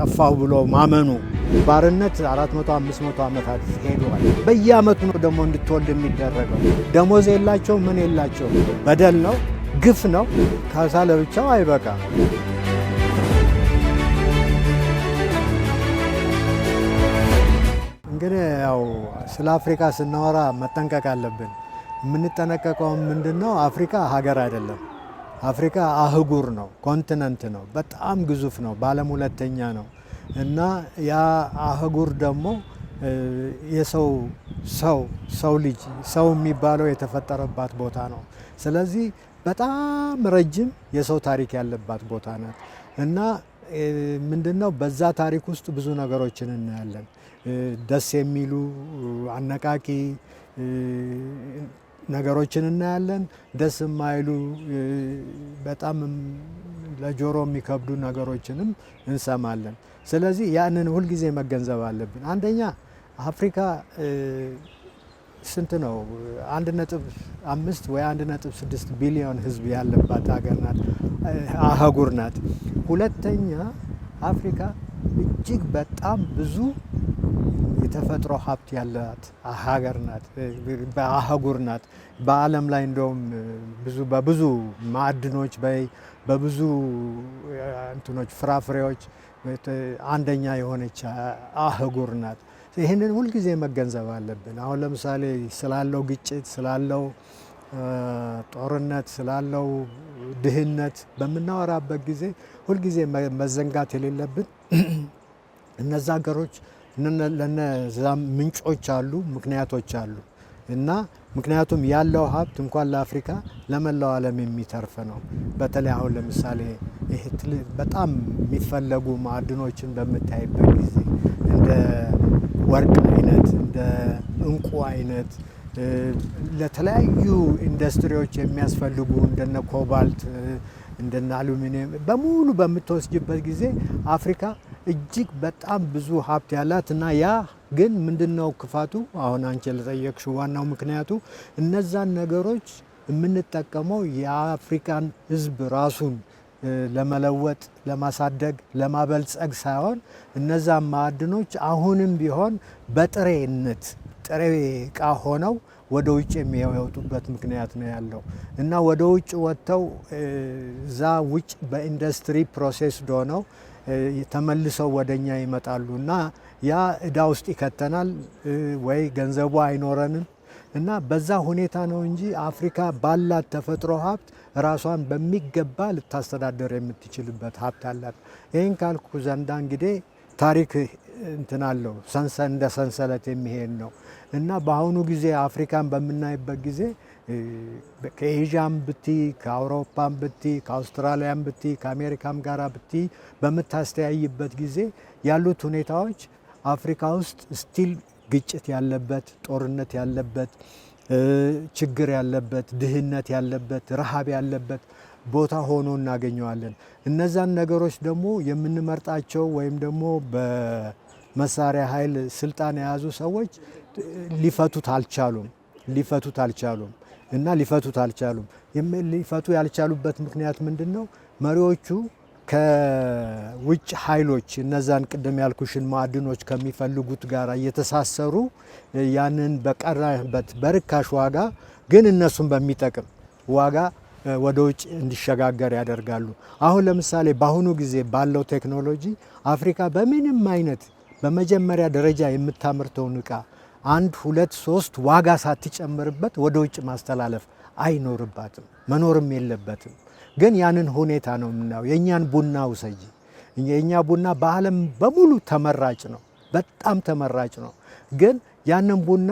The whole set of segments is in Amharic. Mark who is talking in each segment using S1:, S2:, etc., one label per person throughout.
S1: ጠፋሁ ብሎ ማመኑ ባርነት 400 500 ዓመታት ሄደዋል። በየአመቱ ነው ደግሞ እንድትወልድ የሚደረገው። ደሞዝ የላቸው ምን የላቸው። በደል ነው፣ ግፍ ነው። ካሳ ለብቻው አይበቃም። እንግዲህ ያው ስለ አፍሪካ ስናወራ መጠንቀቅ አለብን። የምንጠነቀቀው ምንድን ነው? አፍሪካ ሀገር አይደለም። አፍሪካ አህጉር ነው፣ ኮንቲነንት ነው፣ በጣም ግዙፍ ነው፣ በዓለም ሁለተኛ ነው እና ያ አህጉር ደግሞ የሰው ሰው ሰው ልጅ ሰው የሚባለው የተፈጠረባት ቦታ ነው። ስለዚህ በጣም ረጅም የሰው ታሪክ ያለባት ቦታ ናት እና ምንድነው በዛ ታሪክ ውስጥ ብዙ ነገሮችን እናያለን። ደስ የሚሉ አነቃቂ ነገሮችን እናያለን። ደስ የማይሉ በጣም ለጆሮ የሚከብዱ ነገሮችንም እንሰማለን። ስለዚህ ያንን ሁልጊዜ መገንዘብ አለብን። አንደኛ አፍሪካ ስንት ነው? አንድ ነጥብ አምስት ወይ አንድ ነጥብ ስድስት ቢሊዮን ህዝብ ያለባት ሀገር ናት፣ አህጉር ናት። ሁለተኛ አፍሪካ እጅግ በጣም ብዙ የተፈጥሮ ሀብት ያላት ሀገር ናት፣ አህጉር ናት። በዓለም ላይ እንደውም በብዙ ማዕድኖች በብዙ እንትኖች ፍራፍሬዎች አንደኛ የሆነች አህጉር ናት። ይህንን ሁልጊዜ መገንዘብ አለብን። አሁን ለምሳሌ ስላለው ግጭት፣ ስላለው ጦርነት፣ ስላለው ድህነት በምናወራበት ጊዜ ሁልጊዜ መዘንጋት የሌለብን እነዛ ሀገሮች ለነዛም ምንጮች አሉ፣ ምክንያቶች አሉ እና ምክንያቱም ያለው ሀብት እንኳን ለአፍሪካ ለመላው ዓለም የሚተርፍ ነው። በተለይ አሁን ለምሳሌ ይህ በጣም የሚፈለጉ ማዕድኖችን በምታይበት ጊዜ እንደ ወርቅ አይነት እንደ እንቁ አይነት ለተለያዩ ኢንዱስትሪዎች የሚያስፈልጉ እንደነ ኮባልት እንደነ አሉሚኒየም በሙሉ በምትወስጅበት ጊዜ አፍሪካ እጅግ በጣም ብዙ ሀብት ያላት እና ያ ግን ምንድነው ክፋቱ? አሁን አንቺ ለጠየቅሽው ዋናው ምክንያቱ እነዛን ነገሮች የምንጠቀመው የአፍሪካን ሕዝብ ራሱን ለመለወጥ ለማሳደግ፣ ለማበልጸግ ሳይሆን እነዛን ማዕድኖች አሁንም ቢሆን በጥሬነት ጥሬ እቃ ሆነው ወደ ውጭ የሚወጡበት ምክንያት ነው ያለው እና ወደ ውጭ ወጥተው እዛ ውጭ በኢንዱስትሪ ፕሮሴስ ነው። ተመልሰው ወደ እኛ ይመጣሉ እና ያ እዳ ውስጥ ይከተናል ወይ ገንዘቡ አይኖረንም እና በዛ ሁኔታ ነው እንጂ አፍሪካ ባላት ተፈጥሮ ሀብት ራሷን በሚገባ ልታስተዳደር የምትችልበት ሀብት አላት። ይህን ካልኩ ዘንዳ እንግዲህ ታሪክ እንትናለው ሰንሰ እንደ ሰንሰለት የሚሄድ ነው እና በአሁኑ ጊዜ አፍሪካን በምናይበት ጊዜ ከኤዥያም ብቲ ከአውሮፓም ብቲ ከአውስትራሊያም ብቲ ከአሜሪካም ጋር ብቲ በምታስተያይበት ጊዜ ያሉት ሁኔታዎች አፍሪካ ውስጥ ስቲል ግጭት ያለበት፣ ጦርነት ያለበት፣ ችግር ያለበት፣ ድህነት ያለበት፣ ረሃብ ያለበት ቦታ ሆኖ እናገኘዋለን። እነዛን ነገሮች ደግሞ የምንመርጣቸው ወይም ደግሞ በመሳሪያ ኃይል ስልጣን የያዙ ሰዎች ሊፈቱት አልቻሉም ሊፈቱት አልቻሉም። እና ሊፈቱት አልቻሉም። ሊፈቱ ያልቻሉበት ምክንያት ምንድን ነው? መሪዎቹ ከውጭ ኃይሎች እነዛን ቅድም ያልኩሽን ማዕድኖች ከሚፈልጉት ጋር እየተሳሰሩ ያንን በቀረበት በርካሽ ዋጋ ግን እነሱን በሚጠቅም ዋጋ ወደ ውጭ እንዲሸጋገር ያደርጋሉ። አሁን ለምሳሌ በአሁኑ ጊዜ ባለው ቴክኖሎጂ አፍሪካ በምንም አይነት በመጀመሪያ ደረጃ የምታመርተውን እቃ አንድ ሁለት ሶስት ዋጋ ሳትጨምርበት ወደ ውጭ ማስተላለፍ አይኖርባትም፣ መኖርም የለበትም። ግን ያንን ሁኔታ ነው የምናየው። የእኛን ቡና ውሰጂ። የእኛ ቡና በዓለም በሙሉ ተመራጭ ነው፣ በጣም ተመራጭ ነው። ግን ያንን ቡና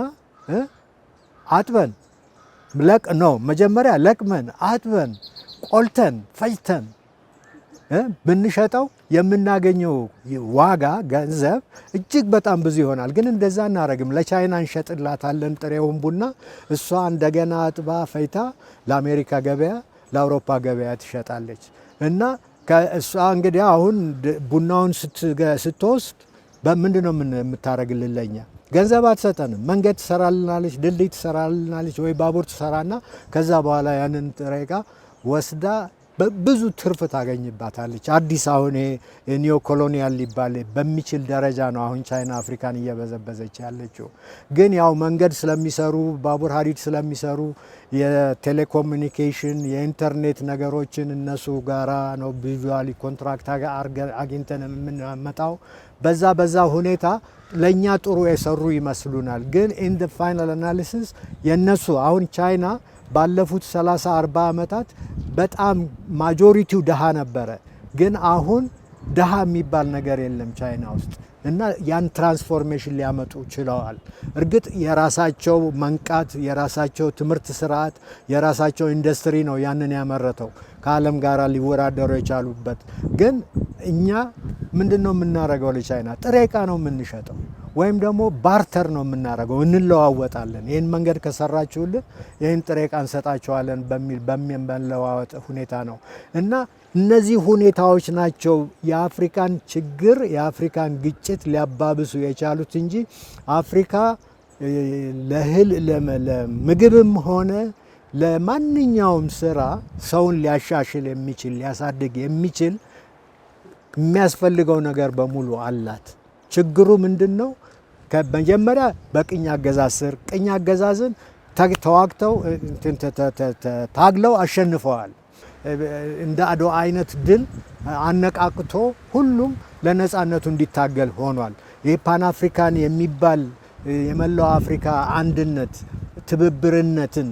S1: አጥበን ለቅ ነው መጀመሪያ ለቅመን አጥበን ቆልተን ፈጭተን ብንሸጠው የምናገኘው ዋጋ ገንዘብ እጅግ በጣም ብዙ ይሆናል። ግን እንደዛ እናደረግም። ለቻይና እንሸጥላታለን ጥሬውን ቡና፣ እሷ እንደገና አጥባ ፈይታ ለአሜሪካ ገበያ፣ ለአውሮፓ ገበያ ትሸጣለች እና እሷ እንግዲህ አሁን ቡናውን ስትወስድ በምንድ ነው የምታደርግልን? ለኛ ገንዘብ አትሰጠንም። መንገድ ትሰራልናለች፣ ድልድይ ትሰራልናለች፣ ወይ ባቡር ትሰራና ከዛ በኋላ ያንን ጥሬ ወስዳ ብዙ ትርፍ ታገኝባታለች። አዲስ አሁን ኒዮ ኮሎኒያል ሊባል በሚችል ደረጃ ነው አሁን ቻይና አፍሪካን እየበዘበዘች ያለችው። ግን ያው መንገድ ስለሚሰሩ ባቡር ሀዲድ ስለሚሰሩ የቴሌኮሙኒኬሽን የኢንተርኔት ነገሮችን እነሱ ጋራ ነው ቪዥዋሊ ኮንትራክት አግኝተን የምንመጣው። በዛ በዛ ሁኔታ ለእኛ ጥሩ የሰሩ ይመስሉናል። ግን ኢን ፋይናል አናሊሲስ የእነሱ አሁን ቻይና ባለፉት 30 40 ዓመታት በጣም ማጆሪቲው ድሃ ነበረ። ግን አሁን ድሃ የሚባል ነገር የለም ቻይና ውስጥ እና ያን ትራንስፎርሜሽን ሊያመጡ ችለዋል። እርግጥ የራሳቸው መንቃት፣ የራሳቸው ትምህርት ስርዓት፣ የራሳቸው ኢንዱስትሪ ነው ያንን ያመረተው ከዓለም ጋር ሊወዳደሩ የቻሉበት። ግን እኛ ምንድን ነው የምናደርገው? ለቻይና ጥሬ እቃ ነው የምንሸጠው። ወይም ደግሞ ባርተር ነው የምናደርገው፣ እንለዋወጣለን። ይህን መንገድ ከሰራችሁልን ይህን ጥሬ ዕቃ እንሰጣችኋለን በሚል በሚመለዋወጥ ሁኔታ ነው እና እነዚህ ሁኔታዎች ናቸው የአፍሪካን ችግር የአፍሪካን ግጭት ሊያባብሱ የቻሉት እንጂ አፍሪካ ለእህል ለምግብም ሆነ ለማንኛውም ስራ ሰውን ሊያሻሽል የሚችል ሊያሳድግ የሚችል የሚያስፈልገው ነገር በሙሉ አላት። ችግሩ ምንድን ነው? መጀመሪያ በቅኝ አገዛዝ ስር ቅኝ አገዛዝን ተዋግተው ታግለው አሸንፈዋል። እንደ አድዋ አይነት ድል አነቃቅቶ ሁሉም ለነፃነቱ እንዲታገል ሆኗል። ይህ ፓን አፍሪካን የሚባል የመላው አፍሪካ አንድነት ትብብርነትን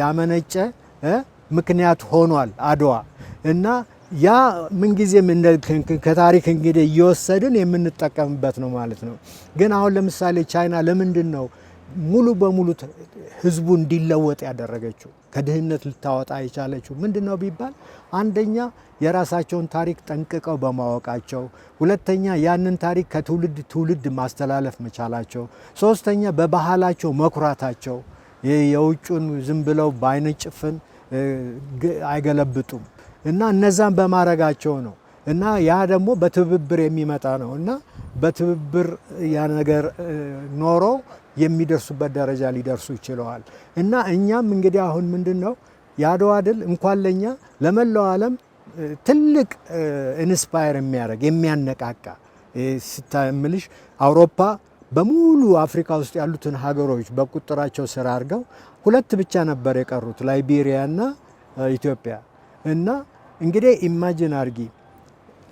S1: ያመነጨ ምክንያት ሆኗል አድዋ እና ያ ምንጊዜም ከታሪክ እንግዲህ እየወሰድን የምንጠቀምበት ነው ማለት ነው። ግን አሁን ለምሳሌ ቻይና ለምንድን ነው ሙሉ በሙሉ ህዝቡ እንዲለወጥ ያደረገችው ከድህነት ልታወጣ የቻለችው ምንድን ነው ቢባል፣ አንደኛ የራሳቸውን ታሪክ ጠንቅቀው በማወቃቸው፣ ሁለተኛ ያንን ታሪክ ከትውልድ ትውልድ ማስተላለፍ መቻላቸው፣ ሶስተኛ በባህላቸው መኩራታቸው። የውጩን ዝም ብለው በአይነ ጭፍን አይገለብጡም። እና እነዛን በማድረጋቸው ነው እና ያ ደግሞ በትብብር የሚመጣ ነው እና በትብብር ያ ነገር ኖሮ የሚደርሱበት ደረጃ ሊደርሱ ይችለዋል። እና እኛም እንግዲህ አሁን ምንድን ነው የአድዋ ድል እንኳን ለእኛ ለመላው ዓለም ትልቅ ኢንስፓየር የሚያደርግ የሚያነቃቃ ስታምልሽ አውሮፓ በሙሉ አፍሪካ ውስጥ ያሉትን ሀገሮች በቁጥራቸው ስራ አድርገው ሁለት ብቻ ነበር የቀሩት ላይቤሪያና ኢትዮጵያ እና እንግዲህ ኢማጂን አርጊ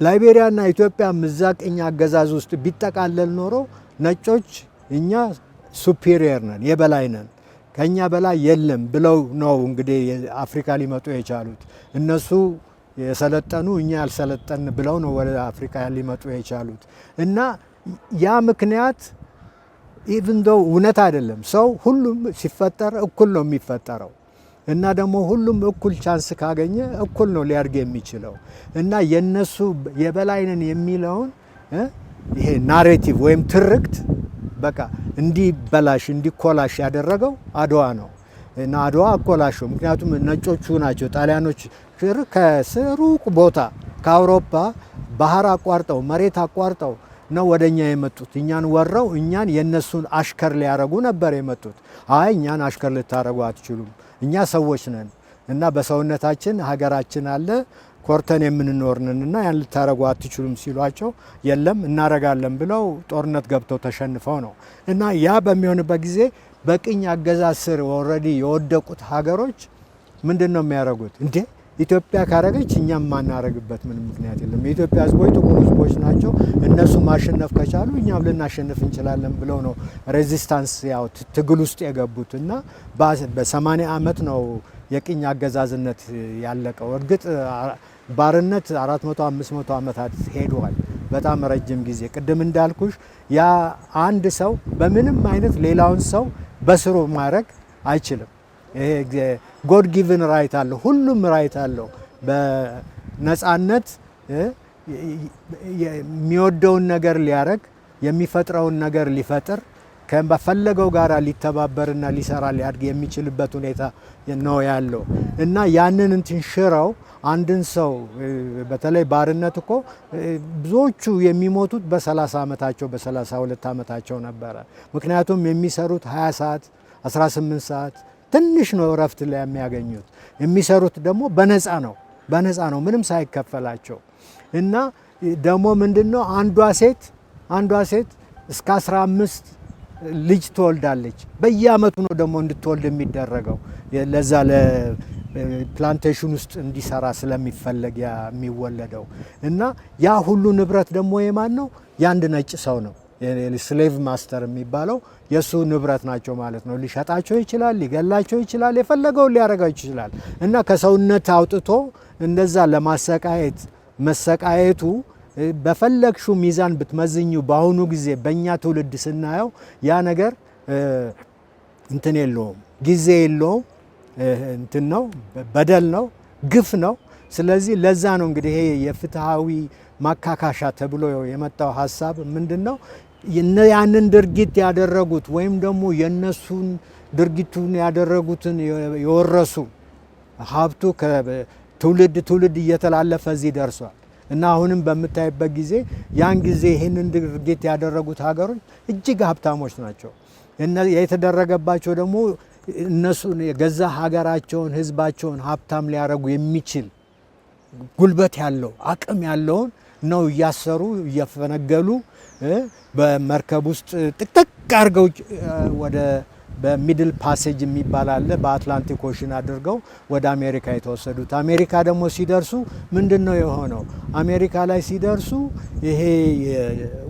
S1: ላይቤሪያና ኢትዮጵያ ምዛቀኛ አገዛዝ ውስጥ ቢጠቃለል ኖሮ ነጮች እኛ ሱፔሪየር ነን የበላይ ነን ከኛ በላይ የለም ብለው ነው እንግዲህ አፍሪካ ሊመጡ የቻሉት። እነሱ የሰለጠኑ እኛ ያልሰለጠን ብለው ነው ወደ አፍሪካ ሊመጡ የቻሉት እና ያ ምክንያት ኢቭን ዶ እውነት አይደለም። ሰው ሁሉም ሲፈጠር እኩል ነው የሚፈጠረው። እና ደግሞ ሁሉም እኩል ቻንስ ካገኘ እኩል ነው ሊያድግ የሚችለው እና የነሱ የበላይነን የሚለውን ይሄ ናሬቲቭ ወይም ትርክት በቃ እንዲበላሽ እንዲኮላሽ ያደረገው አድዋ ነው እና አድዋ አኮላሽ ምክንያቱም ነጮቹ ናቸው ጣሊያኖች ከሩቅ ቦታ ከአውሮፓ ባህር አቋርጠው መሬት አቋርጠው ነው ወደ እኛ የመጡት። እኛን ወረው እኛን የእነሱን አሽከር ሊያረጉ ነበር የመጡት። አይ እኛን አሽከር ልታረጉ አትችሉም እኛ ሰዎች ነን እና በሰውነታችን ሀገራችን አለ ኮርተን እና ያን ልታረጉ አትችሉም ሲሏቸው የለም እናረጋለን ብለው ጦርነት ገብተው ተሸንፈው ነው እና ያ በሚሆንበት ጊዜ በቅኝ አገዛዝ ስር ወረዲ የወደቁት ሀገሮች ምንድን ነው የሚያደርጉት እንዴ ኢትዮጵያ ካረገች እኛም ማናረግበት ምንም ምክንያት የለም። የኢትዮጵያ ህዝቦች ጥቁር ህዝቦች ናቸው። እነሱ ማሸነፍ ከቻሉ እኛም ልናሸንፍ እንችላለን ብለው ነው ሬዚስታንስ ያው ትግል ውስጥ የገቡት እና በሰማኒያ ዓመት ነው የቅኝ አገዛዝነት ያለቀው። እርግጥ ባርነት 400 500 ዓመታት ሄዷል። በጣም ረጅም ጊዜ ቅድም እንዳልኩሽ ያ አንድ ሰው በምንም አይነት ሌላውን ሰው በስሩ ማድረግ አይችልም። ጎድ ጊቭን ራይት አለው። ሁሉም ራይት አለው። በነፃነት የሚወደውን ነገር ሊያደርግ የሚፈጥረውን ነገር ሊፈጥር ከፈለገው ጋር ሊተባበርና ሊሰራ ሊያድግ የሚችልበት ሁኔታ ነው ያለው እና ያንን እንትን ሽረው አንድን ሰው በተለይ ባርነት እኮ ብዙዎቹ የሚሞቱት በ30 ዓመታቸው በ32 ዓመታቸው ነበረ። ምክንያቱም የሚሰሩት 20 ሰዓት 18 ሰዓት ትንሽ ነው እረፍት ላይ የሚያገኙት። የሚሰሩት ደግሞ በነፃ ነው በነፃ ነው ምንም ሳይከፈላቸው እና ደግሞ ምንድን ነው አንዷ ሴት አንዷ ሴት እስከ 15 ልጅ ትወልዳለች። በየአመቱ ነው ደግሞ እንድትወልድ የሚደረገው ለዛ ፕላንቴሽን ውስጥ እንዲሰራ ስለሚፈለግ የሚወለደው እና ያ ሁሉ ንብረት ደግሞ የማን ነው? የአንድ ነጭ ሰው ነው። ስሌቭ ማስተር የሚባለው የእሱ ንብረት ናቸው ማለት ነው። ሊሸጣቸው ይችላል፣ ሊገላቸው ይችላል፣ የፈለገውን ሊያደርጋቸው ይችላል እና ከሰውነት አውጥቶ እንደዛ ለማሰቃየት መሰቃየቱ በፈለግሹ ሚዛን ብትመዝኙ በአሁኑ ጊዜ በእኛ ትውልድ ስናየው ያ ነገር እንትን የለውም፣ ጊዜ የለውም፣ እንትን ነው፣ በደል ነው፣ ግፍ ነው። ስለዚህ ለዛ ነው እንግዲህ ይሄ የፍትሐዊ ማካካሻ ተብሎ የመጣው ሀሳብ ምንድን ነው? ያንን ድርጊት ያደረጉት ወይም ደግሞ የነሱን ድርጊቱን ያደረጉትን የወረሱ ሀብቱ ከትውልድ ትውልድ እየተላለፈ እዚህ ደርሷል እና አሁንም በምታይበት ጊዜ ያን ጊዜ ይህንን ድርጊት ያደረጉት ሀገሮች እጅግ ሀብታሞች ናቸው። የተደረገባቸው ደግሞ እነሱን የገዛ ሀገራቸውን ህዝባቸውን ሀብታም ሊያደረጉ የሚችል ጉልበት ያለው አቅም ያለውን ነው እያሰሩ እየፈነገሉ በመርከብ ውስጥ ጥቅጥቅ አድርገው ወደ በሚድል ፓሴጅ የሚባል አለ። በአትላንቲክ ኦሽን አድርገው ወደ አሜሪካ የተወሰዱት። አሜሪካ ደግሞ ሲደርሱ ምንድን ነው የሆነው? አሜሪካ ላይ ሲደርሱ ይሄ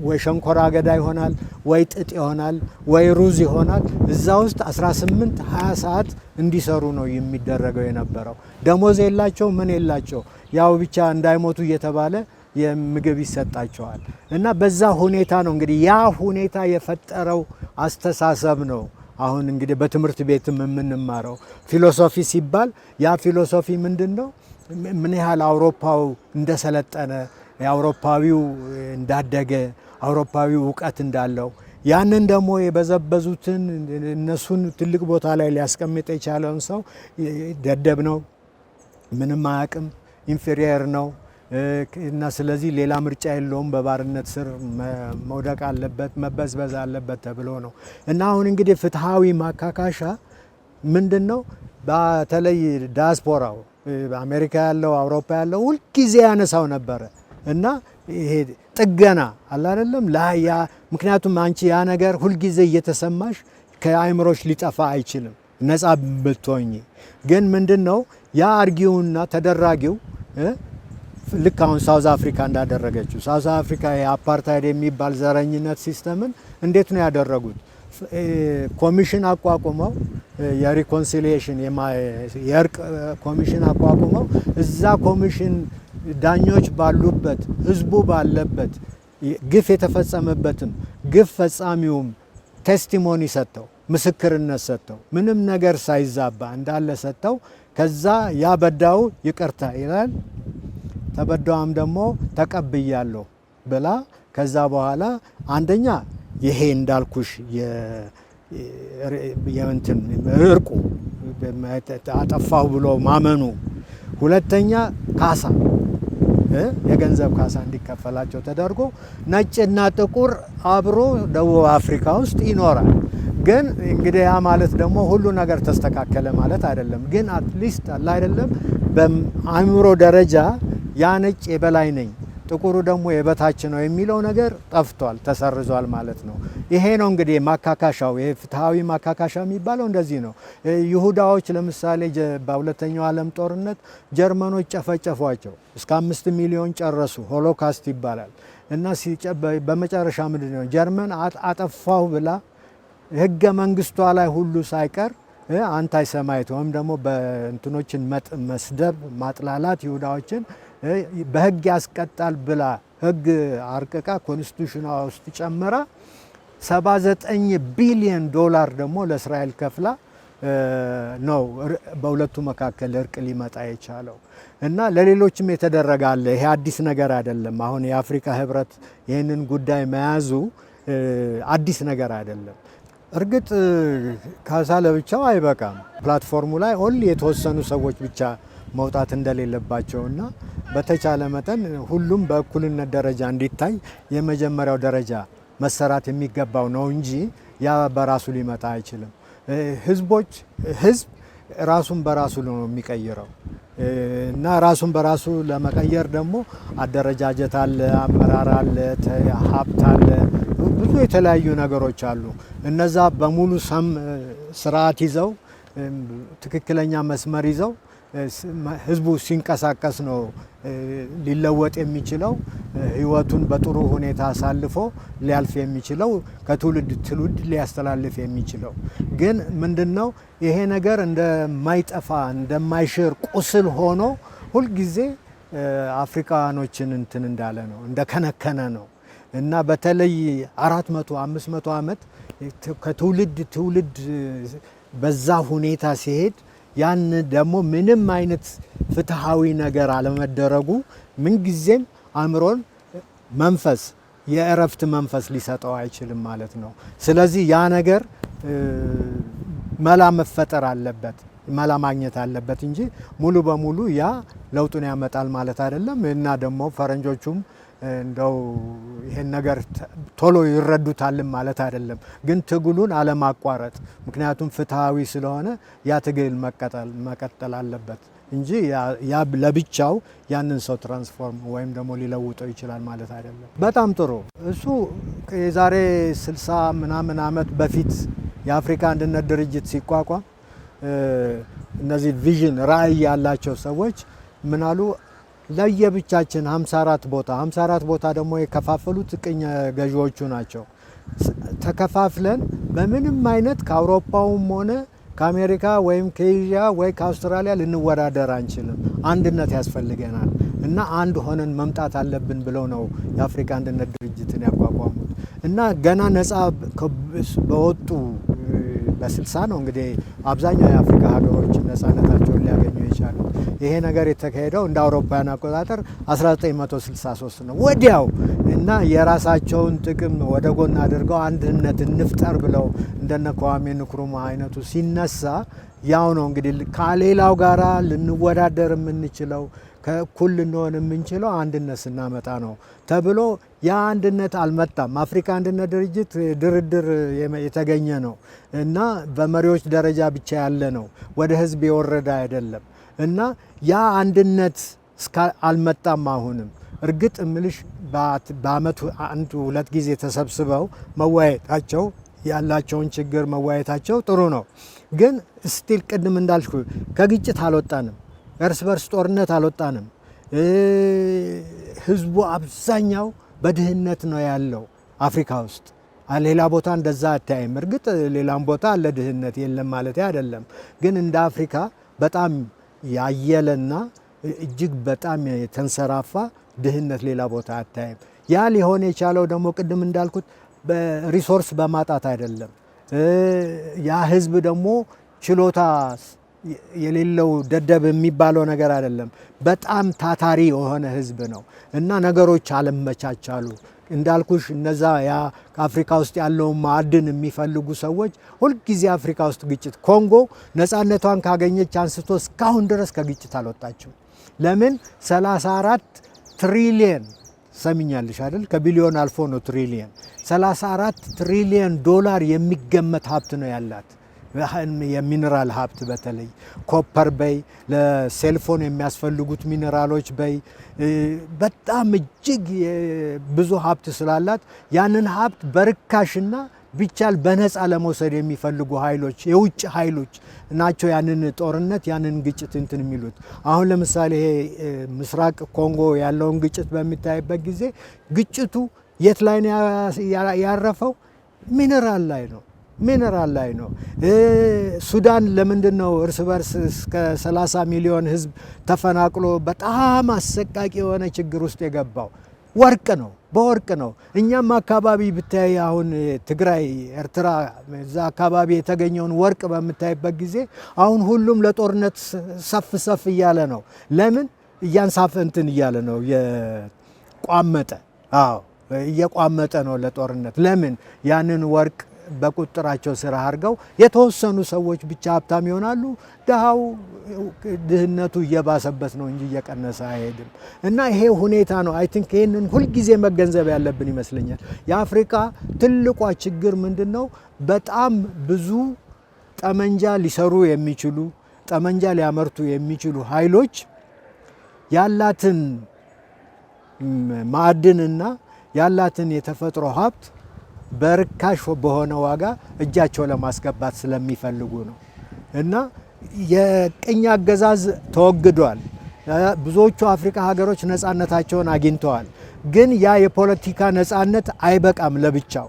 S1: ወይ ሸንኮራ አገዳ ይሆናል፣ ወይ ጥጥ ይሆናል፣ ወይ ሩዝ ይሆናል። እዛ ውስጥ 18 20 ሰዓት እንዲሰሩ ነው የሚደረገው የነበረው። ደሞዝ የላቸው ምን የላቸው፣ ያው ብቻ እንዳይሞቱ እየተባለ የምግብ ይሰጣቸዋል። እና በዛ ሁኔታ ነው እንግዲህ ያ ሁኔታ የፈጠረው አስተሳሰብ ነው። አሁን እንግዲህ በትምህርት ቤትም የምንማረው ፊሎሶፊ ሲባል ያ ፊሎሶፊ ምንድን ነው? ምን ያህል አውሮፓው እንደሰለጠነ የአውሮፓዊው እንዳደገ አውሮፓዊው እውቀት እንዳለው ያንን ደግሞ የበዘበዙትን እነሱን ትልቅ ቦታ ላይ ሊያስቀምጥ የቻለውን ሰው ደደብ ነው፣ ምንም አያውቅም፣ ኢንፌሪየር ነው እና ስለዚህ ሌላ ምርጫ የለውም፣ በባርነት ስር መውደቅ አለበት፣ መበዝበዝ አለበት ተብሎ ነው እና አሁን እንግዲህ ፍትሐዊ ማካካሻ ምንድን ነው? በተለይ ዲያስፖራው አሜሪካ ያለው አውሮፓ ያለው ሁልጊዜ ያነሳው ነበረ እና ይሄ ጥገና አለ አይደለም ምክንያቱም አንቺ ያ ነገር ሁልጊዜ እየተሰማሽ ከአይምሮች ሊጠፋ አይችልም ነጻ ብትሆኝ ግን ምንድን ነው ያ አርጊውና ተደራጊው ልክ አሁን ሳውዝ አፍሪካ እንዳደረገችው ሳውዝ አፍሪካ የአፓርታይድ የሚባል ዘረኝነት ሲስተምን እንዴት ነው ያደረጉት? ኮሚሽን አቋቁመው የሪኮንሲሊየሽን የእርቅ ኮሚሽን አቋቁመው እዛ ኮሚሽን ዳኞች ባሉበት ህዝቡ ባለበት ግፍ የተፈጸመበትም ግፍ ፈጻሚውም ቴስቲሞኒ ሰጥተው ምስክርነት ሰጥተው ምንም ነገር ሳይዛባ እንዳለ ሰጥተው ከዛ ያበዳው ይቅርታ ይላል ተበዳዋም ደግሞ ተቀብያለሁ ብላ ከዛ በኋላ አንደኛ ይሄ እንዳልኩሽ የእንትን እርቁ አጠፋሁ ብሎ ማመኑ፣ ሁለተኛ ካሳ የገንዘብ ካሳ እንዲከፈላቸው ተደርጎ ነጭና ጥቁር አብሮ ደቡብ አፍሪካ ውስጥ ይኖራል። ግን እንግዲህ ያ ማለት ደግሞ ሁሉ ነገር ተስተካከለ ማለት አይደለም። ግን አትሊስት አለ አይደለም በአእምሮ ደረጃ ያ ነጭ የበላይ ነኝ፣ ጥቁሩ ደግሞ የበታች ነው የሚለው ነገር ጠፍቷል፣ ተሰርዟል ማለት ነው። ይሄ ነው እንግዲህ ማካካሻው። የፍትሐዊ ማካካሻ የሚባለው እንደዚህ ነው። ይሁዳዎች ለምሳሌ በሁለተኛው ዓለም ጦርነት ጀርመኖች ጨፈጨፏቸው። እስከ አምስት ሚሊዮን ጨረሱ። ሆሎካስት ይባላል እና በመጨረሻ ምንድን ነው ጀርመን አጠፋሁ ብላ ህገ መንግስቷ ላይ ሁሉ ሳይቀር አንታይ ሰማይት ወይም ደግሞ በእንትኖችን መስደብ ማጥላላት ይሁዳዎችን በህግ ያስቀጣል ብላ ህግ አርቅቃ ኮንስቲቱሽኗ ውስጥ ጨምራ 79 ቢሊዮን ዶላር ደግሞ ለእስራኤል ከፍላ ነው በሁለቱ መካከል እርቅ ሊመጣ የቻለው እና ለሌሎችም የተደረገ አለ። ይሄ አዲስ ነገር አይደለም። አሁን የአፍሪካ ህብረት ይህንን ጉዳይ መያዙ አዲስ ነገር አይደለም። እርግጥ ካሳ ለብቻው አይበቃም። ፕላትፎርሙ ላይ ኦንሊ የተወሰኑ ሰዎች ብቻ መውጣት እንደሌለባቸውና በተቻለ መጠን ሁሉም በእኩልነት ደረጃ እንዲታይ የመጀመሪያው ደረጃ መሰራት የሚገባው ነው እንጂ ያ በራሱ ሊመጣ አይችልም። ህዝቦች ህዝብ ራሱን በራሱ ነው የሚቀይረው እና ራሱን በራሱ ለመቀየር ደግሞ አደረጃጀት አለ፣ አመራር አለ፣ ሀብት አለ፣ ብዙ የተለያዩ ነገሮች አሉ። እነዛ በሙሉ ሰም ስርዓት ይዘው ትክክለኛ መስመር ይዘው ህዝቡ ሲንቀሳቀስ ነው ሊለወጥ የሚችለው ህይወቱን በጥሩ ሁኔታ አሳልፎ ሊያልፍ የሚችለው ከትውልድ ትውልድ ሊያስተላልፍ የሚችለው ግን ምንድን ነው ይሄ ነገር እንደማይጠፋ እንደማይሽር ቁስል ሆኖ ሁልጊዜ አፍሪካኖችን እንትን እንዳለ ነው እንደከነከነ ነው እና በተለይ አራት መቶ አምስት መቶ ዓመት ከትውልድ ትውልድ በዛ ሁኔታ ሲሄድ ያን ደግሞ ምንም አይነት ፍትሃዊ ነገር አለመደረጉ ምንጊዜም አእምሮን መንፈስ የእረፍት መንፈስ ሊሰጠው አይችልም ማለት ነው። ስለዚህ ያ ነገር መላ መፈጠር አለበት፣ መላ ማግኘት አለበት እንጂ ሙሉ በሙሉ ያ ለውጡን ያመጣል ማለት አይደለም እና ደግሞ ፈረንጆቹም እንደው ይሄን ነገር ቶሎ ይረዱታልም ማለት አይደለም፣ ግን ትግሉን አለማቋረጥ ምክንያቱም ፍትሐዊ ስለሆነ ያ ትግል መቀጠል አለበት እንጂ ያ ለብቻው ያንን ሰው ትራንስፎርም ወይም ደግሞ ሊለውጠው ይችላል ማለት አይደለም። በጣም ጥሩ። እሱ የዛሬ 60 ምናምን ዓመት በፊት የአፍሪካ አንድነት ድርጅት ሲቋቋም እነዚህ ቪዥን ራዕይ ያላቸው ሰዎች ምናሉ ለየብቻችን 54 ቦታ 54 ቦታ ደግሞ የከፋፈሉት ቅኝ ገዢዎቹ ናቸው። ተከፋፍለን በምንም አይነት ከአውሮፓውም ሆነ ከአሜሪካ ወይም ከኤዥያ ወይ ከአውስትራሊያ ልንወዳደር አንችልም። አንድነት ያስፈልገናል እና አንድ ሆነን መምጣት አለብን ብለው ነው የአፍሪካ አንድነት ድርጅትን ያቋቋሙት እና ገና ነጻ በወጡ በስልሳ ነው እንግዲህ አብዛኛው የአፍሪካ ሀገሮች ነጻነታቸውን ሊያገኙ የቻሉ። ይሄ ነገር የተካሄደው እንደ አውሮፓውያን አቆጣጠር 1963 ነው ወዲያው እና የራሳቸውን ጥቅም ወደ ጎን አድርገው አንድነት እንፍጠር ብለው እንደነ ከዋሜ ንኩሩማ አይነቱ ሲነሳ ያው ነው እንግዲህ ከሌላው ጋራ ልንወዳደር የምንችለው ከእኩል ልንሆን የምንችለው አንድነት ስናመጣ ነው ተብሎ ያ አንድነት አልመጣም። አፍሪካ አንድነት ድርጅት ድርድር የተገኘ ነው እና በመሪዎች ደረጃ ብቻ ያለ ነው፣ ወደ ህዝብ የወረደ አይደለም እና ያ አንድነት አልመጣም አሁንም እርግጥ እምልሽ በአመቱ አንድ ሁለት ጊዜ ተሰብስበው መወያየታቸው ያላቸውን ችግር መወያየታቸው ጥሩ ነው። ግን ስቲል ቅድም እንዳልኩ ከግጭት አልወጣንም። እርስ በርስ ጦርነት አልወጣንም። ህዝቡ አብዛኛው በድህነት ነው ያለው አፍሪካ ውስጥ። ሌላ ቦታ እንደዛ አታይም። እርግጥ ሌላም ቦታ አለ ድህነት የለም ማለት አይደለም። ግን እንደ አፍሪካ በጣም ያየለና እጅግ በጣም የተንሰራፋ ድህነት ሌላ ቦታ አታይም። ያ ሊሆን የቻለው ደግሞ ቅድም እንዳልኩት ሪሶርስ በማጣት አይደለም። ያ ህዝብ ደግሞ ችሎታ የሌለው ደደብ የሚባለው ነገር አይደለም። በጣም ታታሪ የሆነ ህዝብ ነው እና ነገሮች አለመቻቻሉ እንዳልኩሽ እነዛ ያ ከአፍሪካ ውስጥ ያለውን ማዕድን የሚፈልጉ ሰዎች ሁልጊዜ አፍሪካ ውስጥ ግጭት። ኮንጎ ነፃነቷን ካገኘች አንስቶ እስካሁን ድረስ ከግጭት አልወጣችው። ለምን 34 ትሪሊየን ሰሚኛልሽ አይደል? ከቢሊዮን አልፎ ነው ትሪሊየን። 34 ትሪሊየን ዶላር የሚገመት ሀብት ነው ያላት የሚኒራል ሀብት በተለይ ኮፐር በይ ለሴልፎን የሚያስፈልጉት ሚነራሎች በይ በጣም እጅግ ብዙ ሀብት ስላላት ያንን ሀብት በርካሽና ቢቻል በነፃ ለመውሰድ የሚፈልጉ ኃይሎች የውጭ ኃይሎች ናቸው። ያንን ጦርነት ያንን ግጭት እንትን የሚሉት አሁን ለምሳሌ ይሄ ምስራቅ ኮንጎ ያለውን ግጭት በሚታይበት ጊዜ ግጭቱ የት ላይ ያረፈው? ሚነራል ላይ ነው። ሚነራል ላይ ነው። ሱዳን ለምንድን ነው እርስ በርስ እስከ 30 ሚሊዮን ህዝብ ተፈናቅሎ በጣም አሰቃቂ የሆነ ችግር ውስጥ የገባው? ወርቅ ነው፣ በወርቅ ነው። እኛም አካባቢ ብታይ አሁን ትግራይ፣ ኤርትራ እዛ አካባቢ የተገኘውን ወርቅ በምታይበት ጊዜ አሁን ሁሉም ለጦርነት ሰፍ ሰፍ እያለ ነው። ለምን እያንሳፈ እንትን እያለ ነው የቋመጠ አዎ፣ እየቋመጠ ነው ለጦርነት። ለምን ያንን ወርቅ በቁጥራቸው ስራ አድርገው የተወሰኑ ሰዎች ብቻ ሀብታም ይሆናሉ። ድሃው ድህነቱ እየባሰበት ነው እንጂ እየቀነሰ አይሄድም። እና ይሄ ሁኔታ ነው አይ ቲንክ ይህንን ሁልጊዜ መገንዘብ ያለብን ይመስለኛል። የአፍሪካ ትልቋ ችግር ምንድን ነው? በጣም ብዙ ጠመንጃ ሊሰሩ የሚችሉ ጠመንጃ ሊያመርቱ የሚችሉ ኃይሎች ያላትን ማዕድንና ያላትን የተፈጥሮ ሀብት በርካሽ በሆነ ዋጋ እጃቸው ለማስገባት ስለሚፈልጉ ነው እና የቅኝ አገዛዝ ተወግዷል። ብዙዎቹ አፍሪካ ሀገሮች ነፃነታቸውን አግኝተዋል። ግን ያ የፖለቲካ ነፃነት አይበቃም ለብቻው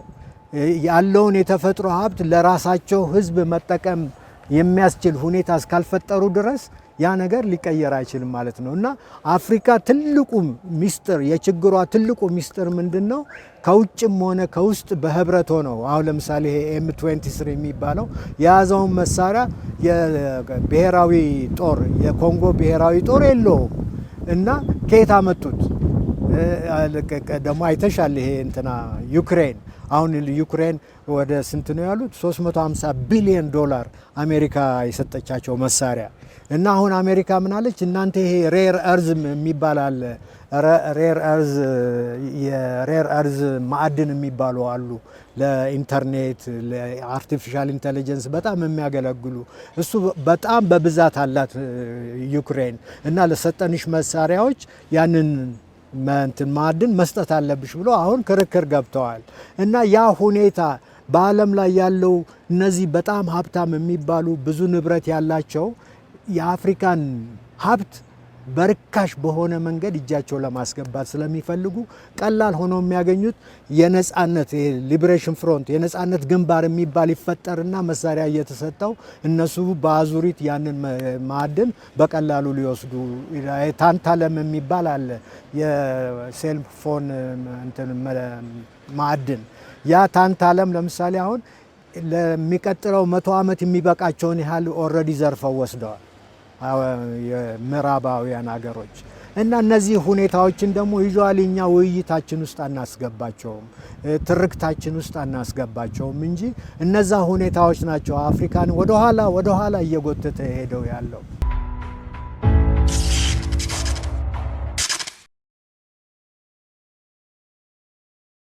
S1: ያለውን የተፈጥሮ ሀብት ለራሳቸው ሕዝብ መጠቀም የሚያስችል ሁኔታ እስካልፈጠሩ ድረስ ያ ነገር ሊቀየር አይችልም ማለት ነው እና አፍሪካ ትልቁ ሚስጥር የችግሯ ትልቁ ሚስጥር ምንድን ነው? ከውጭም ሆነ ከውስጥ በህብረት ሆነው አሁን ለምሳሌ ይሄ ኤም 23 የሚባለው የያዘውን መሳሪያ የብሔራዊ ጦር የኮንጎ ብሔራዊ ጦር የለውም እና ከየት አመጡት? ደግሞ አይተሻል። ይሄ እንትና ዩክሬን አሁን ዩክሬን ወደ ስንት ነው ያሉት? 350 ቢሊዮን ዶላር አሜሪካ የሰጠቻቸው መሳሪያ እና አሁን አሜሪካ ምናለች? እናንተ ይሄ ሬር እርዝም የሚባል አለ ሬር አርዝ የሬር አርዝ ማዕድን የሚባሉ አሉ። ለኢንተርኔት ለአርቲፊሻል ኢንቴሊጀንስ በጣም የሚያገለግሉ እሱ በጣም በብዛት አላት ዩክሬን እና ለሰጠንሽ መሳሪያዎች ያንን እንትን ማዕድን መስጠት አለብሽ ብሎ አሁን ክርክር ገብተዋል እና ያ ሁኔታ በዓለም ላይ ያለው እነዚህ በጣም ሀብታም የሚባሉ ብዙ ንብረት ያላቸው የአፍሪካን ሀብት በርካሽ በሆነ መንገድ እጃቸው ለማስገባት ስለሚፈልጉ ቀላል ሆኖ የሚያገኙት የነጻነት ሊብሬሽን ፍሮንት የነጻነት ግንባር የሚባል ይፈጠርና መሳሪያ እየተሰጠው እነሱ በአዙሪት ያንን ማዕድን በቀላሉ ሊወስዱ ታንታለም የሚባል አለ የሴልፎን ማዕድን ያ ታንታለም ለምሳሌ አሁን ለሚቀጥለው መቶ ዓመት የሚበቃቸውን ያህል ኦልሬዲ ዘርፈው ወስደዋል። የምዕራባውያን ሀገሮች እና እነዚህ ሁኔታዎችን ደግሞ ይዟል እኛ ውይይታችን ውስጥ አናስገባቸውም፣ ትርክታችን ውስጥ አናስገባቸውም እንጂ እነዛ ሁኔታዎች ናቸው አፍሪካን ወደኋላ ወደኋላ እየጎተተ ሄደው ያለው።